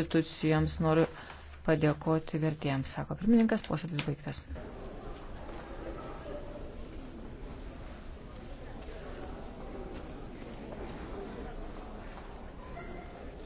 institucijoms. Noriu padėkoti vertėjams, sako pirmininkas, posėdis baigtas.